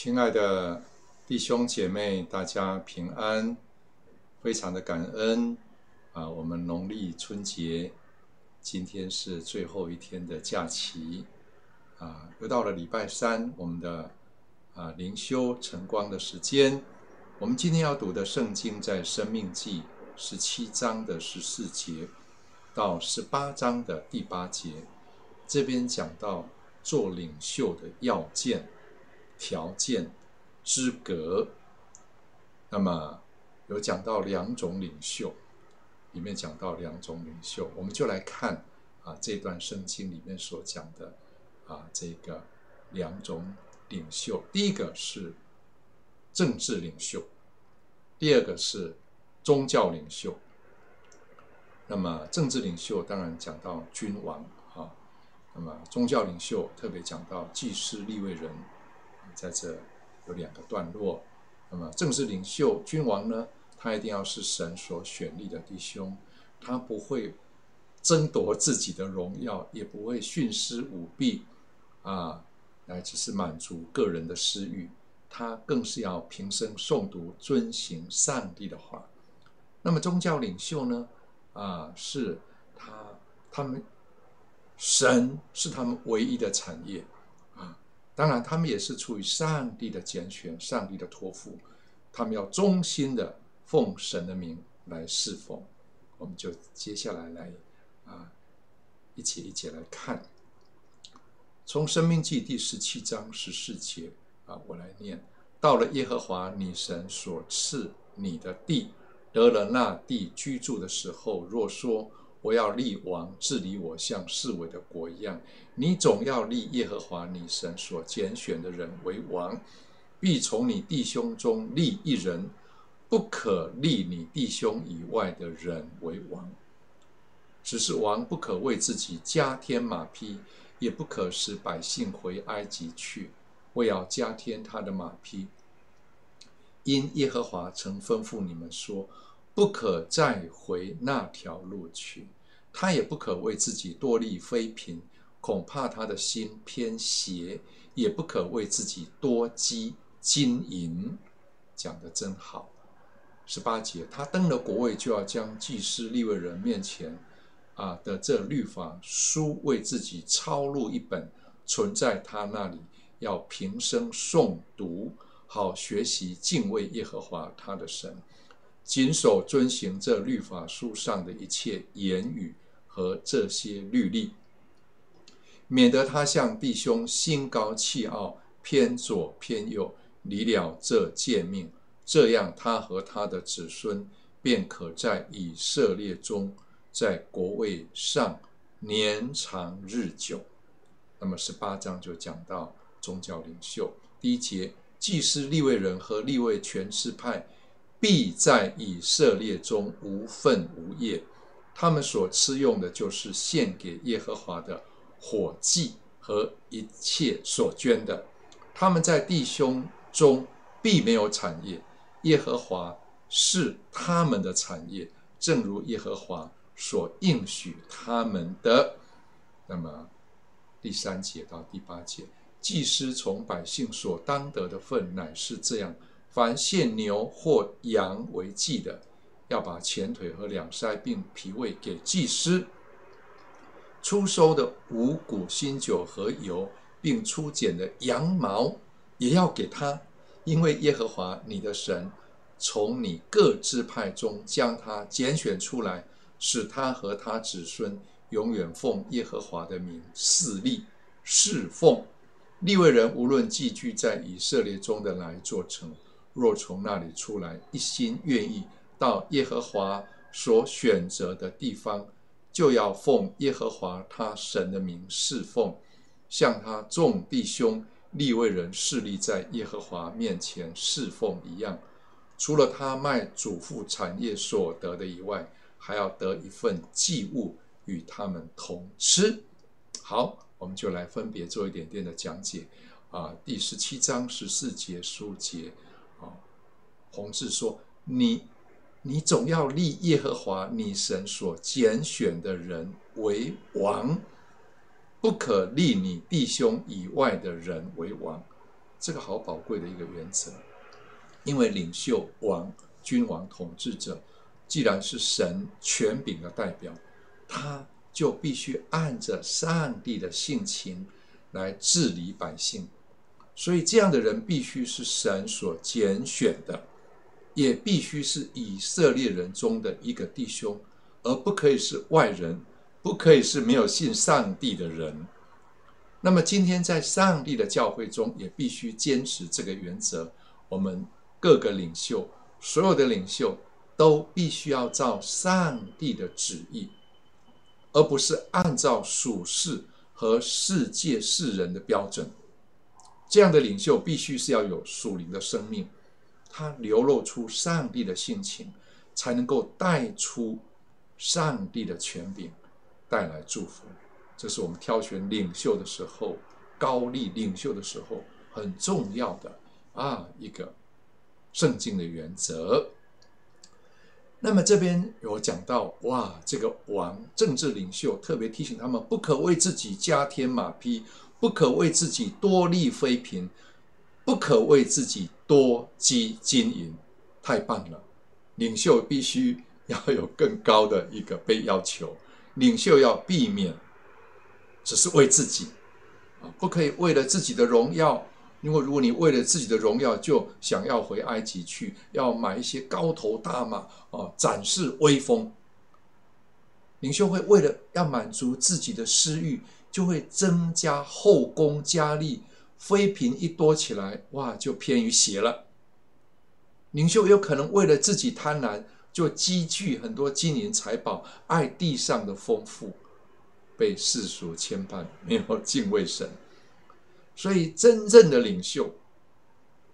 親愛的弟兄姐妹，大家平安，非常的感恩啊！我們農曆春節今天是最後一天的假期啊，又到了禮拜三，我們的啊靈修晨光的時間。我們今天要讀的聖經在《申命記》十七章的十四節到十八章的第八節，這邊講到做領袖的要件。條件資格，那麼有講到兩種領袖，裡面講到兩種領袖，我們就來看啊這段聖經裡面所講的啊這個兩種領袖，第一個是政治領袖，第二個是宗教領袖。那麼政治領袖當然講到君王啊，那麼宗教領袖特別講到祭司利未人。在這有兩個段落。那麼，政治領袖、君王呢？他一定要是神所選立的弟兄，他不會爭奪自己的榮耀，也不會徇私舞弊，啊，乃只是滿足個人的私慾。他更是要平生誦讀、遵行上帝的話。那麼，宗教領袖呢？啊，是他他們，神是他們唯一的產業。當然，他們也是出於上帝的揀選、上帝的托付，他們要忠心的奉神的名來侍奉。我們就接下來來啊，一節一節來看，從《申命記》第十七章十四節啊，我來念：到了耶和華你神所賜你的地，得了那地居住的時候，若說。我要立王治理我，像四圍的國一樣。你總要立耶和華你神所揀選的人為王，必從你弟兄中立一人，不可立你弟兄以外的人為王。只是王不可為自己加添馬匹，也不可使百姓回埃及去，為要加添他的馬匹，因耶和華曾吩咐你們說，不可再回那條路去。他也不可為自己多立妃嬪，恐怕他的心偏邪；也不可為自己多積金銀。講得真好。十八節，他登了國位，就要將祭司利未人面前啊的這律法書，為自己抄錄一本，存在他那裡，要平生誦讀，好學習敬畏耶和華他的神，謹守遵行這律法書上的一切言語。和這些律例，免得他向弟兄心高氣傲，偏左偏右，離了這誡命。這樣，他和他的子孫便可在以色列中，在國位上年長日久。那麼，十八章就講到宗教領袖第一節，祭司利未人和利未全支派，必在以色列中無分無業。他們所吃用的就是獻給耶和華的火祭和一切所捐的。他們在弟兄中必沒有產業，耶和華是他們的產業，正如耶和華所應許他們的。那麼，第三節到第八節，祭司從百姓所當得的份乃是這樣：凡獻牛或羊為祭的。要把前腿和兩腮並脾胃給祭司，初收的五穀、新酒和油，並初剪的羊毛也要給他，因為耶和華你的神從你各支派中將他揀選出來，使他和他子孫永遠奉耶和華的名侍立事奉。利未人，無論寄居在以色列中的哪一座城，若從那裡出來，一心願意，到耶和華所選擇的地方，就要奉耶和華他神的名侍奉，像他眾弟兄利未人侍立在耶和華面前侍奉一樣。除了他賣祖父產業所得的以外，還要得一份祭物與他們同吃。好，我們就來分別做一點點的講解。啊，第十七章十四節十五節，啊，弘志說你。你總要立耶和華你神所揀選的人為王，不可立你弟兄以外的人為王。這個好寶貴的一個原則，因為領袖、王、君王、統治者，既然是神權柄的代表，他就必須按着上帝的性情來治理百姓，所以這樣的人必須是神所揀選的。也必須是以色列人中的一個弟兄，而不可以是外人，不可以是沒有信上帝的人。那麼，今天在上帝的教會中，也必須堅持這個原則。我們各個領袖，所有的領袖，都必須要照上帝的旨意，而不是按照屬世和世界世人的標準。這樣的領袖，必須是要有屬靈的生命。他流露出上帝的性情，才能夠帶出上帝的權柄，帶來祝福。這是我們挑選領袖的時候、膏立領袖的時候很重要的啊一個聖經的原則。那麼這邊有講到，哇，這個王政治領袖特別提醒他們，不可為自己加添馬匹，不可為自己多立妃嬪，不可為自己多積金銀，太棒了！領袖必須要有更高的一個被要求，領袖要避免只是為自己啊，不可以為了自己的榮耀，因為如果你為了自己的榮耀，就想要回埃及去，要買一些高頭大馬啊，展示威風。領袖會為了要滿足自己的私慾，就會增加後宮佳麗。妃嬪一多起來，哇，就偏於邪了。領袖有可能為了自己貪婪，就積聚很多金銀財寶，愛地上的豐富，被世俗牽絆，沒有敬畏神。所以，真正的領袖，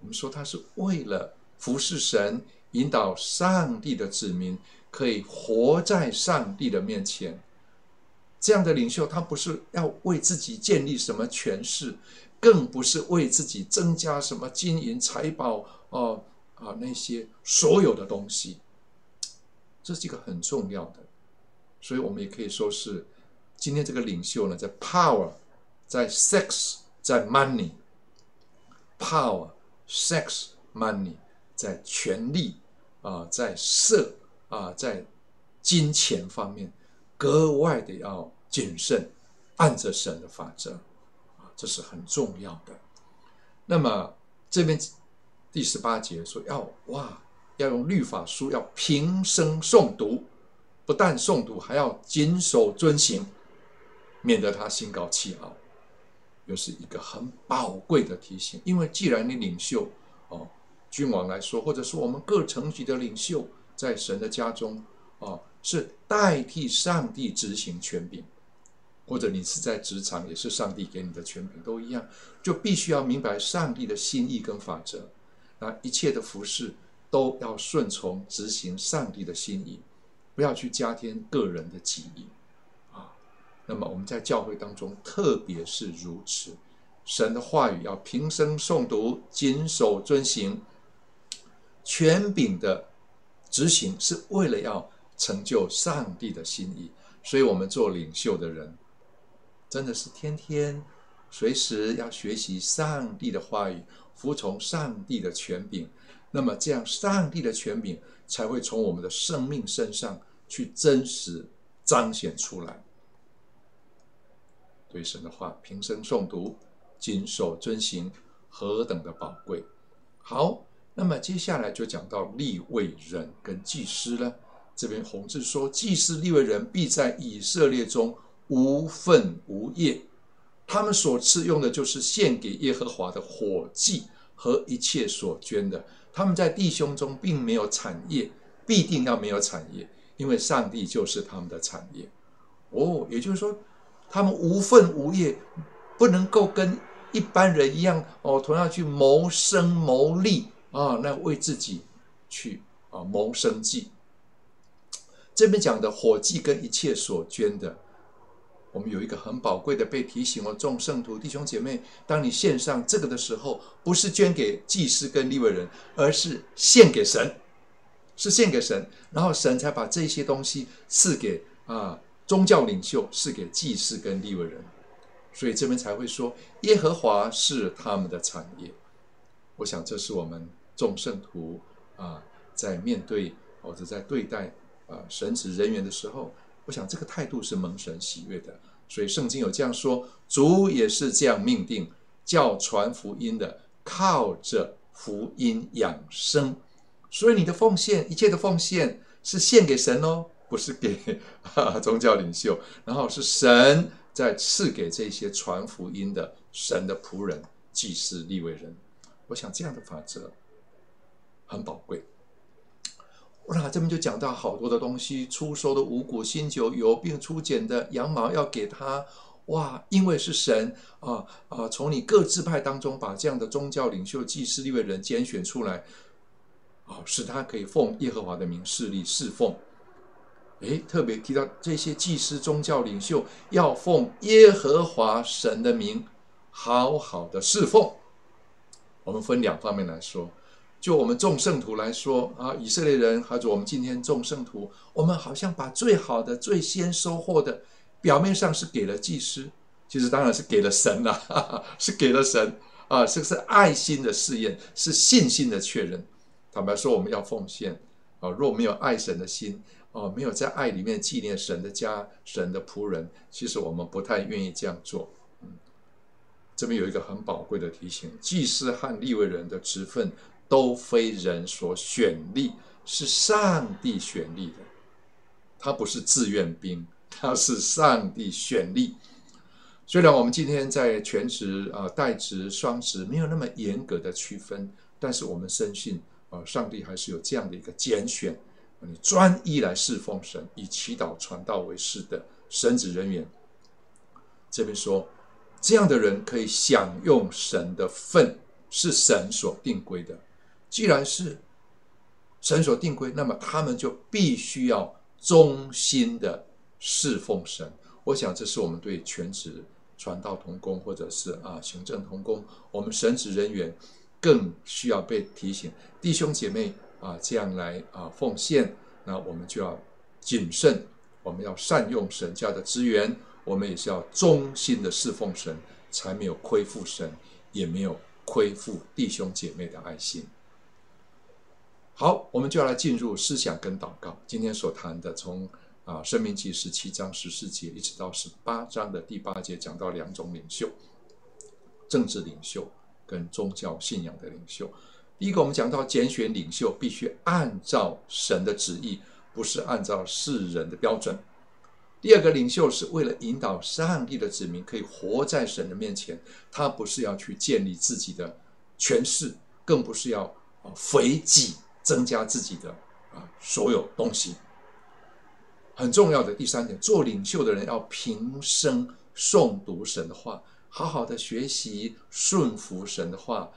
我們說他是為了服侍神，引導上帝的子民，可以活在上帝的面前。這樣的領袖，他不是要為自己建立什麼權勢。更不是為自己增加什麼金銀財寶哦啊、呃呃、那些所有的東西，這是一個很重要的，所以我們也可以說是，今天這個領袖呢，在 power 在 sex 在 money，power sex money 在權力啊、呃、在色啊、呃、在金錢方面格外的要謹慎，按着神的法則。這是很重要的。那麼這邊第十八節說：“要哇，要用律法書，要平生誦讀，不但誦讀，還要謹守遵行，免得他心高氣傲。”又是一個很寶貴的提醒。因為既然你領袖哦，君王來說，或者說我們各層級的領袖，在神的家中哦，是代替上帝執行權柄。或者你是在職場，也是上帝給你的權柄都一樣，就必須要明白上帝的心意跟法則。那一切的服侍都要順從執行上帝的心意，不要去加添個人的己意啊。那麼我們在教會當中，特別是如此，神的話語要平生誦讀、謹守遵行。權柄的執行是為了要成就上帝的心意，所以我們做領袖的人，真的是天天隨時要學習上帝的話語，服從上帝的權柄。那麼這樣，上帝的權柄才會從我們的生命身上去真實彰顯出來。對神的話，平生誦讀，謹守遵行，何等的寶貴！好，那麼接下來就講到利未人跟祭司了。這邊紅字說，祭司利未人必在以色列中，無份無業，他們所吃用的就是獻給耶和華的火祭和一切所捐的。他們在弟兄中並沒有產業，必定要沒有產業，因為上帝就是他們的產業。哦，也就是說，他們無份無業，不能夠跟一般人一樣哦，同樣去謀生謀利啊、哦，那為自己去啊、哦、謀生計。這邊講的火祭跟一切所捐的。我們有一個很寶貴的被提醒哦，眾聖徒弟兄姐妹，當你獻上這個的時候，不是捐給祭司跟利未人，而是獻給神，是獻給神，然後神才把這些東西賜給啊宗教領袖，賜給祭司跟利未人，所以這邊才會說耶和華是他們的產業。我想這是我們眾聖徒啊，在面對或者在對待啊神職人員的時候。我想這個態度是蒙神喜悅的，所以聖經有這樣說：主也是這樣命定，叫傳福音的靠着福音養生。所以你的奉獻，一切的奉獻是獻給神哦，不是給呵呵宗教領袖。然後是神在賜給這些傳福音的神的僕人，祭司利未人。我想這樣的法則很寶貴。哇、啊，這邊就講到好多的東西，初收的五穀、新酒、油，並初剪的羊毛，要給他哇，因為是神啊啊，從你各支派當中，把這樣的宗教領袖、祭司、利未人揀選出來，哦，使他可以奉耶和華的名侍立事奉。誒，特別提到這些祭司、宗教領袖要奉耶和華神的名，好好的侍奉。我們分兩方面來說。就我們眾聖徒來說啊，以色列人或者我們今天眾聖徒，我們好像把最好的、最先收穫的，表面上是給了祭司，其實當然是給了神了、啊，是給了神啊！這是愛心的試驗，是信心的確認。坦白說，我們要奉獻啊，若沒有愛神的心哦、啊，沒有在愛裡面紀念神的家、神的僕人，其實我們不太願意這樣做。嗯，這邊有一個很寶貴的提醒：祭司和利未人的職分。都非人所選立，是上帝選立的。他不是志願兵，他是上帝選立。雖然我們今天在全職、啊、呃、代職、雙職沒有那麼嚴格的區分，但是我們深信，啊、呃、上帝還是有這樣的一個揀選。你專一來侍奉神，以祈禱、傳道為事的神職人員，這邊說，這樣的人可以享用神的份，是神所定規的。既然是神所定規，那麼他們就必須要忠心的侍奉神。我想，這是我們對全職傳道同工或者是啊行政同工，我們神職人員更需要被提醒：弟兄姐妹啊，這樣來啊奉獻，那我們就要謹慎，我們要善用神家的資源，我們也是要忠心的侍奉神，才沒有虧負神，也沒有虧負弟兄姐妹的愛心。好，我們就要來進入思想跟禱告。今天所談的從，從、呃、啊《申命記》十七章十四節一直到十八章的第八節，講到兩種領袖：政治領袖跟宗教信仰的領袖。第一個，我們講到揀選領袖必須按照神的旨意，不是按照世人的標準。第二個，領袖是為了引導上帝的子民可以活在神的面前，他不是要去建立自己的權勢，更不是要肥己。增加自己的啊，所有東西。很重要的第三點，做領袖的人要平生誦讀神的話，好好的學習順服神的話，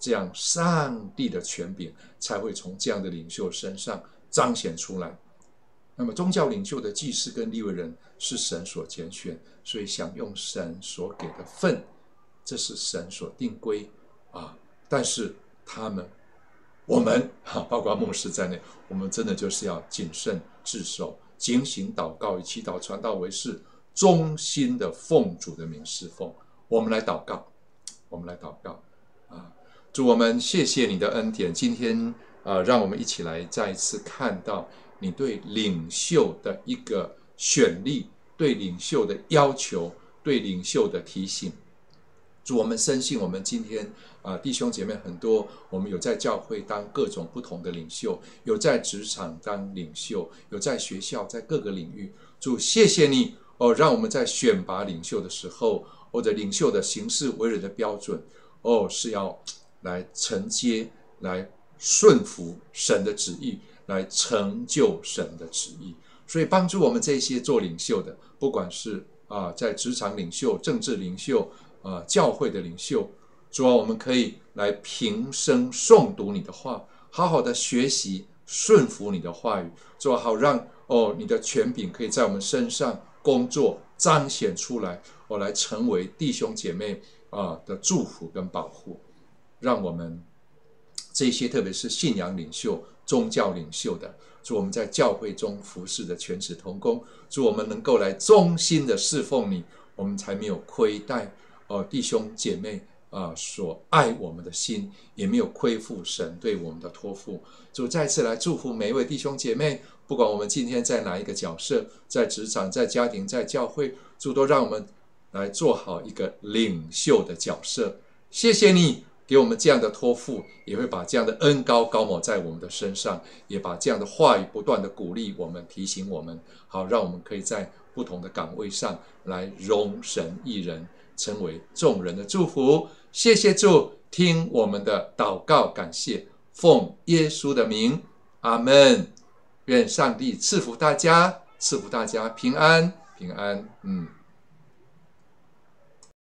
這樣上帝的權柄才會從這樣的領袖身上彰顯出來。那麼宗教領袖的祭司跟利未人是神所揀選，所以享用神所給的份，這是神所定規啊。但是他們，我們啊，包括牧師在內，我們真的就是要謹慎自守，警醒禱告，以祈禱傳道為事，忠心的奉主的名事奉。我們來禱告，我們來禱告啊！主，我們謝謝你的恩典。今天啊、呃，讓我們一起來再一次看到你對領袖的一個選立，對領袖的要求，對領袖的提醒。祝我們深信，我們今天啊，弟兄姐妹很多，我們有在教會當各種不同的領袖，有在職場當領袖，有在學校，在各個領域。祝謝謝你哦，讓我們在選拔領袖的時候，我、哦、的領袖的形式為人的標準哦，是要來承接、來順服神的旨意，來成就神的旨意。所以，幫助我們這些做領袖的，不管是啊，在職場領袖、政治領袖。啊，教會的領袖，主啊，我們可以來平生誦讀你的話，好好的學習順服你的話語，主，好讓哦你的權柄可以在我們身上工作彰顯出來，我、哦、來成為弟兄姐妹啊、呃、的祝福跟保護，讓我們這些特別是信仰領袖、宗教領袖的主，我們在教會中服侍的全職同工，主，我們能夠來忠心的侍奉你，我們才沒有虧待。哦，弟兄姐妹啊、呃，所愛我們的心也沒有虧負神對我們的托付。主再次來祝福每一位弟兄姐妹，不管我們今天在哪一個角色，在職場、在家庭、在教會，主都讓我們來做好一個領袖的角色。謝謝你給我們這樣的托付，也會把這樣的恩膏膏抹在我們的身上，也把這樣的話語不斷的鼓勵我們、提醒我們，好讓我們可以在不同的崗位上來榮神益人。成為眾人的祝福，謝謝主，聽我們的禱告，感謝奉耶穌的名，阿門。願上帝賜福大家，賜福大家平安，平安，嗯。